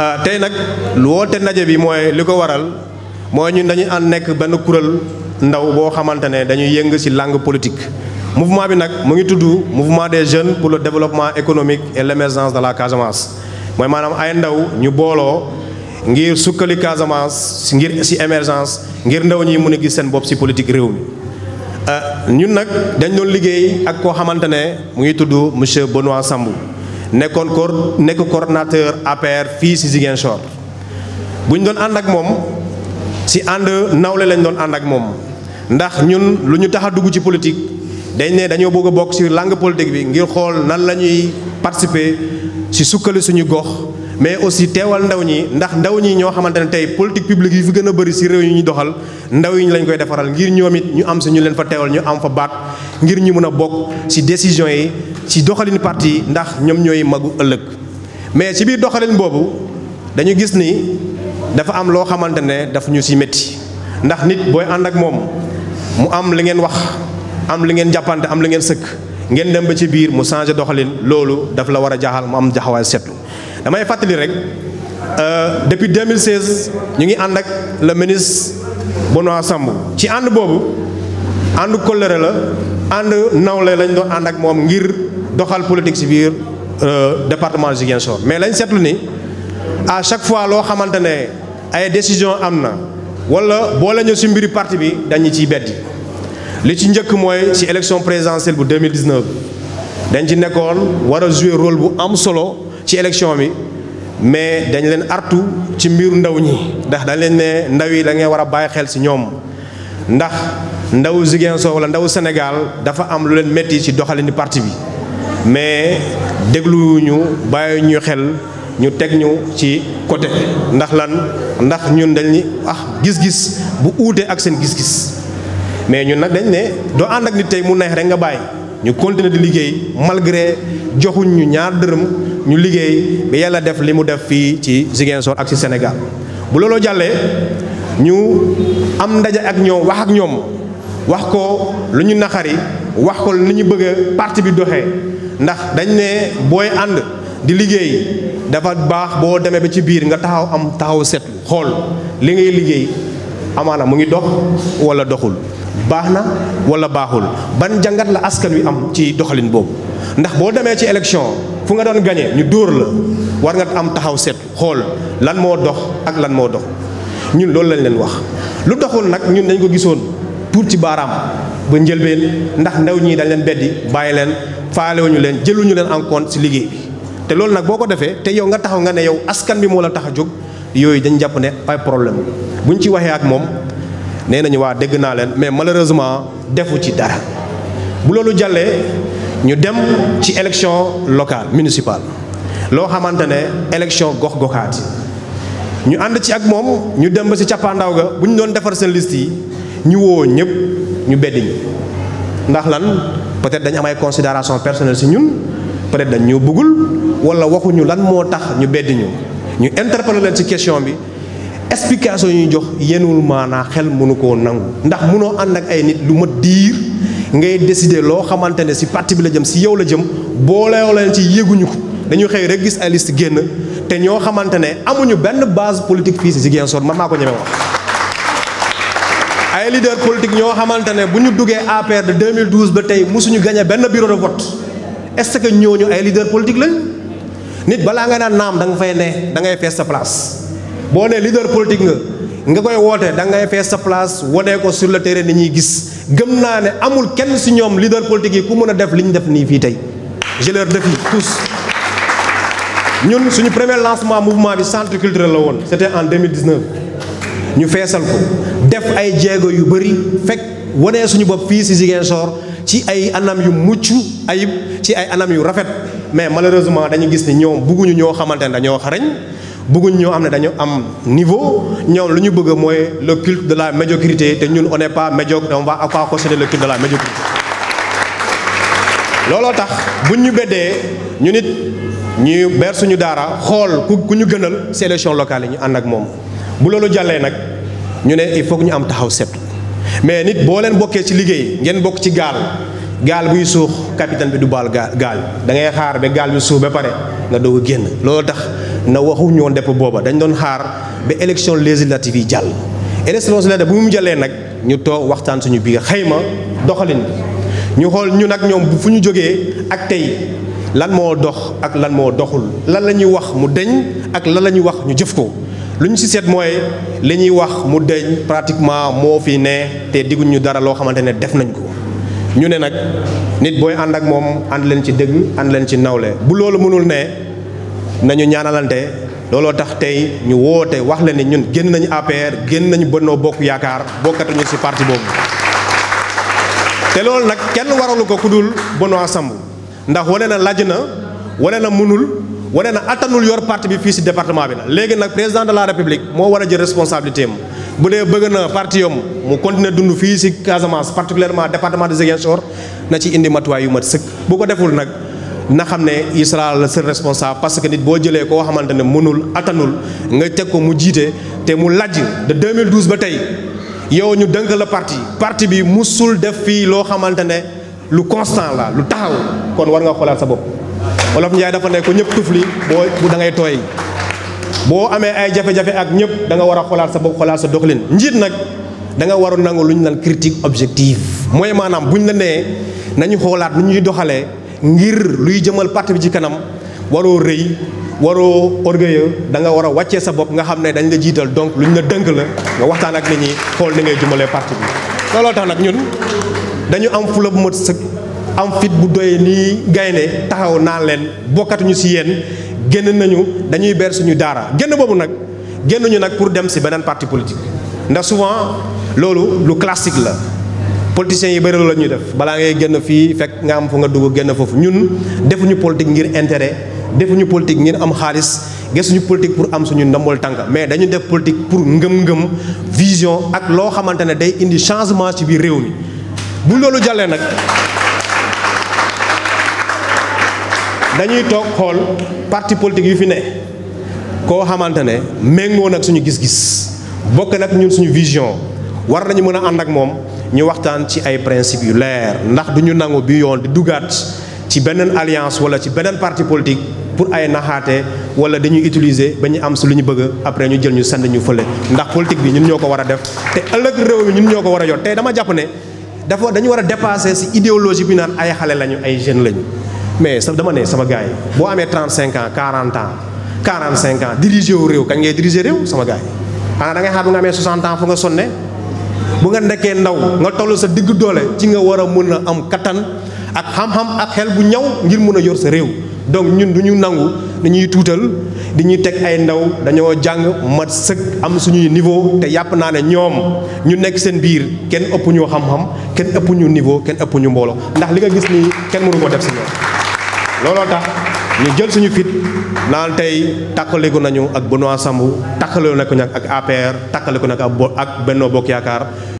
Ah, tey nag lu woote ndaje bi mooy li ko waral mooy ñun dañuy ànd nekk benn kuréel ndaw boo xamante ne dañuy yëng ci langue politique. mouvement bi nag mu ngi tudd mouvement des jeunes pour le développement économique et l'émergence de la Casamance mooy maanaam ay ndaw ñu booloo ngir sukkali Casamance ngir ci émergence ngir ndaw ñi mën a gis seen bopp ci politique réew mi. Ah, ñun nag dañ doon liggéey ak koo xamante ne mu ngi tudd monsieur Benoît Sambou. nekkoon ko nekk coordonnateur APR fii si Ziguinchor bu ñu doon ànd ak moom si ànd nawle lañ doon ànd ak moom ndax ñun lu ñu tax a dugg ci politique dañ ne dañoo bëgg a bokk ci langue politique bi ngir xool nan la ñuy participer si sukkali suñu gox. mais aussi téwal ndaw ñi ndax ndaw ñi ño xamantene tay politique publique yi fi gëna a bëri si réew yi ñi doxal ndaw yi lañ koy défaral ngir ñoom ñu am ci ñu leen fa téwal ñu am fa baat ngir ñu mëna bok ci si décision yi si doxalin parti ndax ñom ñoy magu ëlëk mais ci biir doxalin bobu dañu gis ni dafa am lo xamantene daf ñu ci metti ndax nit boy and ak mom mu am li ngeen wax am li ngeen jappante am li ngeen sëkk ngeen dem ba ci biir mu changer doxalin loolu daf la wara jaxal mu am jaxaway setlu Mais euh, depuis 2016 Nous ngi avec le ministre Benoît Sambu ci est colère, il la nawle lañ ak politique civile euh, département Ziguinchor mais lañ ni à chaque fois que xamante une décision il wala boo parti bi a li élection présidentielle De 2019 dañ rôle solo. ci élection bi mais dañ leen artu ci mbiru ndaw ñi ndax dañ leen ne ndaw yi da ngeen war a bàyyi xel si ñoom ndax ndawu Ziguinchor wala ndaw Sénégal dafa am lu leen métti ci doxalinu parti bi mais dégluwuñu bàyyi ñu xel ñu teg ñu ci côté ndax lan ndax ñun dañ ni ah gis-gis bu uute ak seen gis-gis mais ñu nag dañ ne doo ànd ak nit tey mu neex rek nga bàyyi ñu continuer di liggéey malgré joxuñ ñu ñaar dërëm. ñu liggéey ba yàlla def li mu def fii ci Ziguinchor ak ci senegal bu looloo jàllee ñu am ndaje ak ñoom wax ak ñoom wax ko lu ñu naqari wax ko lu ñu bëggee parti bi doxee ndax dañ ne booy ànd di liggéey dafa baax boo demee ba ci biir nga taxaw am taxaw seetlu xool li ngay liggéey amaana mu ngi dox walla doxul baax na wala baaxul ban jàngat la askan wi am ci doxalin boobu ndax boo demee ci élection fu nga doon gañee ñu dóor la war nga am taxaw seet xool lan moo dox ak lan moo dox ñun loolu lañ leen wax lu doxul nag ñun dañ ko gisoon tuur ci baaraam ba njëlbeen ndax ndew ñii dañ leen beddi bàyyi leen faalewuñu leen jëluñu leen en ci liggéey bi te loolu nag boo ko defee te yow nga taxaw nga ne yow askan bi moo la tax a jóg yooyu dañ jàpp ne ay problème buñ ci waxee ak moom nee nañu waa dégg naa leen mais malheureusement defu ci dara bu loolu jàllee ñu dem ci élection locale municipale loo xamante ne élection gox-goxaat yi ñu ànd ci ak moom ñu dem ba si cappaandaw ga bu ñu doon defar seen liste yi ñu woo ñëpp ñu beddi ñi ndax lan peut-être dañu am ay considération personnelle si ñun peut-être dañ ñoo buggul walla waxuñu lan moo tax ñu beddi ñu ñu interpellé leen ci question bi explication yu jox yenul mana xel munu ko nang ndax mënoo and ak ay nit lu ma ngay décider lo xamantene ci si parti bi la jëm ci yow la jëm booleew leen ci yeguñu ko dañu xey rek gis ay liste genn te ño xamantene amuñu benn base politique ci gien sor, man mako ko wax ay leader politique ño xamantene buñu duggé APR de 2012 ba tay musuñu gagner benn bureau de vote est-ce que ñoñu ay leader politique lañ nit bala nga dang nam da nga fay ne da ngay fess sa place boo nee leader politique nga nga koy woote da ngay fees sa place wodee ko sur le terrain ni ñuy gis gëm naa ne amul kenn si ñoom leader politique yi ku mën a def li ñu def nii fii tey je leur défie tous ñun suñu premier lancement mouvement bi centre culturel la woon c'était en 2019 ñu feesal ko def ay jéego yu bëri fekk wonee suñu bopp fii si Ziguinchor ci ay anam yu mucc ayib ci ay anam yu rafet mais malheureusement dañu gis ni ñoom bugguñu ñoo xamante ne dañoo xarañ bëgguñ ñoo xam ne dañu am niveau ñoom lu ñu bëgg mooy le culte de la médiocrité te ñun on n'est pas médiocre on va pas cautionner le culte de la médiocrité Lolo tax buñ ñu beddee ñu nit ñu ber suñu dara xol ku ñu gënal sélection locale ñu and ak mom bu loolu jallé nak ñu ne il faut ñu am taxaw seet mais nit bo leen bokké ci liggéey ngeen bokk ci gal gal bu suux capitaine bi du bal gal da ngay xaar be gal bi suux ba pare nga doog a génn loolu tax na waxuñu woon dépp booba dañu doon xaar ba élection législative yi jàll élection législative bu mu jàllee nag ñu toog waxtaan suñu biir xëyma doxalin bi ñu xool ñu nag ñoom bu fu ñu jógee ak tey lan moo dox ak lan moo doxul lan la ñuy wax mu deñ ak lan la ñuy wax ñu jëf ko lu ñu si seet mooy li ñuy wax mu deñ pratiquement moo fi ne te digguñ ñu dara loo xamante ne def nañ ko ñu ne nag nit booy ànd ak moom ànd leen ci dëgg ànd leen ci nawle bu ne nañu ñaanalante looloo tax tey ñu woote wax leen ni ñun génn nañu APR génn nañu Benno Bokk Yaakaar bokkatuñu ci parti boobu. te loolu nag kenn waralu ko ku dul Benoît Sambou ndax wane na laj na wane na mënul wane na attanul yor parti bi fii ci département bi la léegi nag président de la république moo war a jël responsabilité am bu dee bëgg na parti am mu continuer dund fii ci Casamance particulièrement département de Ziguinchor na ci indi matuwaay yu mat sëkk bu ko deful nag. na xam ne Isra la seul responsable parce que nit boo jëlee koo xamante ne mënul attanul nga teg ko mu jiite te mu lajj de 2012 ba tey yow ñu dënk la parti parti bi mu suul def fii loo xamante ne lu constant la lu taxaw kon war nga xoolaat sa bopp Wolof Njaay dafa ne ko ñëpp tufli boo da ngay tooy boo amee ay jafe-jafe ak ñëpp danga nga war a xoolaat sa bopp xoolaat sa doxalin njiit nag danga nga war a nangu lu ñu naan critique objective mooy maanaam bu ñu la nee nañu xoolaat nu ñuy doxalee. ngir luy jëmal parti bi ci kanam waroo rëy waroo orgueilleux da nga war a wàccee sa bopp nga xam ne dañu la jiital donc lu ñu la dënk la nga waxtaan ak nit ñi xool ni ngay jëmalee parti bi. looloo tax nag ñun dañu am fula bu mat sëkk am fit bu doyee nii gaynde taxaw naa leen bokkatuñu si yéen génn nañu dañuy ber suñu daara génn boobu nag génn ñu nag pour dem si beneen parti politique ndax souvent loolu lu classique la. politiciens yi bëri la ñuy def balaa ngay génn fii fekk nga am fu nga dugg génn foofu ñun defuñu politique ngir intérêt defuñu politique ngir am xaalis gisuñu politique pour am suñu ndombol tànk mais dañu def politique pour ngëm-ngëm vision ak loo xamante ne day indi changement ci biir réew mi bu loolu jàllee nag dañuy toog xool parti politique yu fi ne koo xamante ne méngoo nag suñu gis-gis bokk nag ñun suñu vision war nañu mëna and ak mom ñu waxtaan ci ay principe yu leer ndax duñu nangoo bi yoon di dugaat ci benen alliance wala ci benen parti politique pour ay nahaté wala dañu utiliser bañu am su luñu bëgg après ñu jël ñu sand ñu feulé ndax politique bi ñun ñoko wara def té ëlëk réew mi ñun ñoko wara yott té dama japp né dafa dañu wara dépasser ci idéologie bi naan ay xalé lañu ay jeune lañu mais sa dama né sama gaay bo amé 35 ans 40 ans 45 ans diriger wu réew kañ ngay diriger réew sama gaay ana da ngay xam nga amé 60 ans fu nga sonné bu nga nekkee ndaw nga toll sa digg doole ci nga war a mën a am kattan ak xam-xam ak xel bu ñaw ngir mën a yor sa réew donc ñun du ñu nangu dañuy tuutal di ñuy teg ay ndaw dañoo jàng mat sëkk am suñuy niveau te yàpp naa ne ñoom ñu nekk seen biir kenn ëpp ñu xam-xam kenn ëpp ñu niveau kenn ëpp ñu mbooloo ndax li nga gis nii kenn mënu ko def si ñoom looloo tax ñu jël suñu fit naan tey takkaliku nañu ak Benoît sambu takkale nañu ak APR takkale nañu ak Benno Bokk Yaakaar